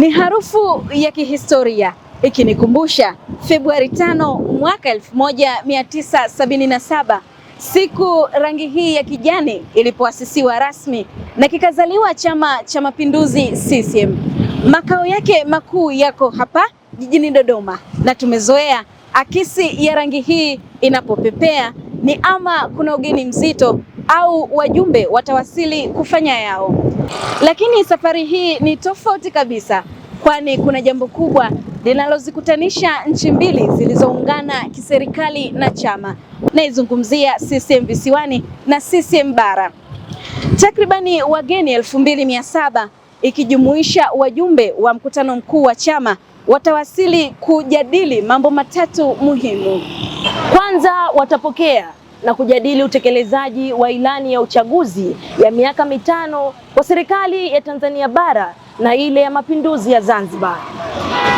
Ni harufu ya kihistoria ikinikumbusha Februari 5 mwaka 1977 siku rangi hii ya kijani ilipoasisiwa rasmi na kikazaliwa Chama cha Mapinduzi CCM. Makao yake makuu yako hapa jijini Dodoma, na tumezoea akisi ya rangi hii inapopepea ni ama kuna ugeni mzito au wajumbe watawasili kufanya yao. Lakini safari hii ni tofauti kabisa, kwani kuna jambo kubwa linalozikutanisha nchi mbili zilizoungana kiserikali na chama. Naizungumzia CCM visiwani na CCM bara. Takribani wageni elfu mbili mia saba ikijumuisha wajumbe wa mkutano mkuu wa chama watawasili kujadili mambo matatu muhimu. Kwanza watapokea na kujadili utekelezaji wa ilani ya uchaguzi ya miaka mitano kwa serikali ya Tanzania bara na ile ya mapinduzi ya Zanzibar.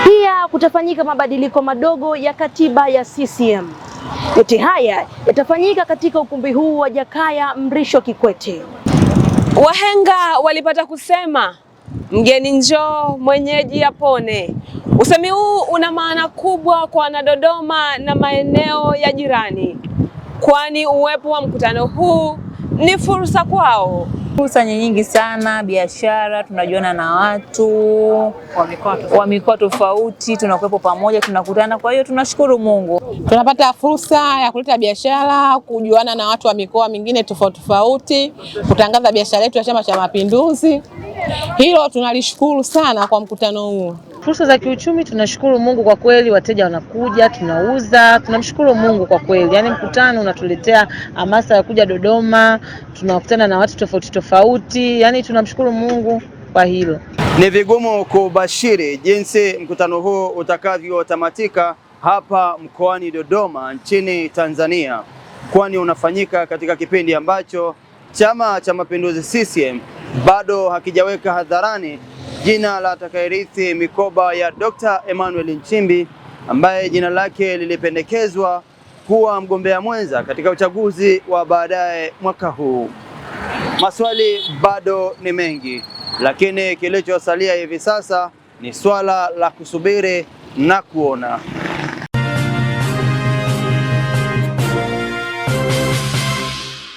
Pia kutafanyika mabadiliko madogo ya katiba ya CCM. Yote haya yatafanyika katika ukumbi huu wa Jakaya Mrisho Kikwete. Wahenga walipata kusema mgeni njoo mwenyeji apone. Usemi huu una maana kubwa kwa Wanadodoma na maeneo ya jirani kwani uwepo wa mkutano huu ni fursa kwao. Fursa nyingi sana, biashara, tunajuana na watu wa mikoa tofauti, tunakuwepo pamoja, tunakutana. Kwa hiyo tunashukuru Mungu, tunapata fursa ya kuleta biashara, kujuana na watu wa mikoa mingine tofauti tofauti, kutangaza biashara yetu ya Chama cha Mapinduzi. Hilo tunalishukuru sana kwa mkutano huu. Fursa za kiuchumi, tunashukuru Mungu kwa kweli, wateja wanakuja, tunauza, tunamshukuru Mungu kwa kweli. Yaani mkutano unatuletea hamasa ya kuja Dodoma, tunakutana na watu tofauti tofauti, yaani tunamshukuru Mungu kwa hilo. Ni vigumu kubashiri jinsi mkutano huu utakavyotamatika hapa mkoani Dodoma nchini Tanzania, kwani unafanyika katika kipindi ambacho Chama cha Mapinduzi CCM bado hakijaweka hadharani jina la atakayerithi mikoba ya Dr. Emmanuel Nchimbi ambaye jina lake lilipendekezwa kuwa mgombea mwenza katika uchaguzi wa baadaye mwaka huu. Maswali bado ni mengi, lakini kilichosalia hivi sasa ni swala la kusubiri na kuona.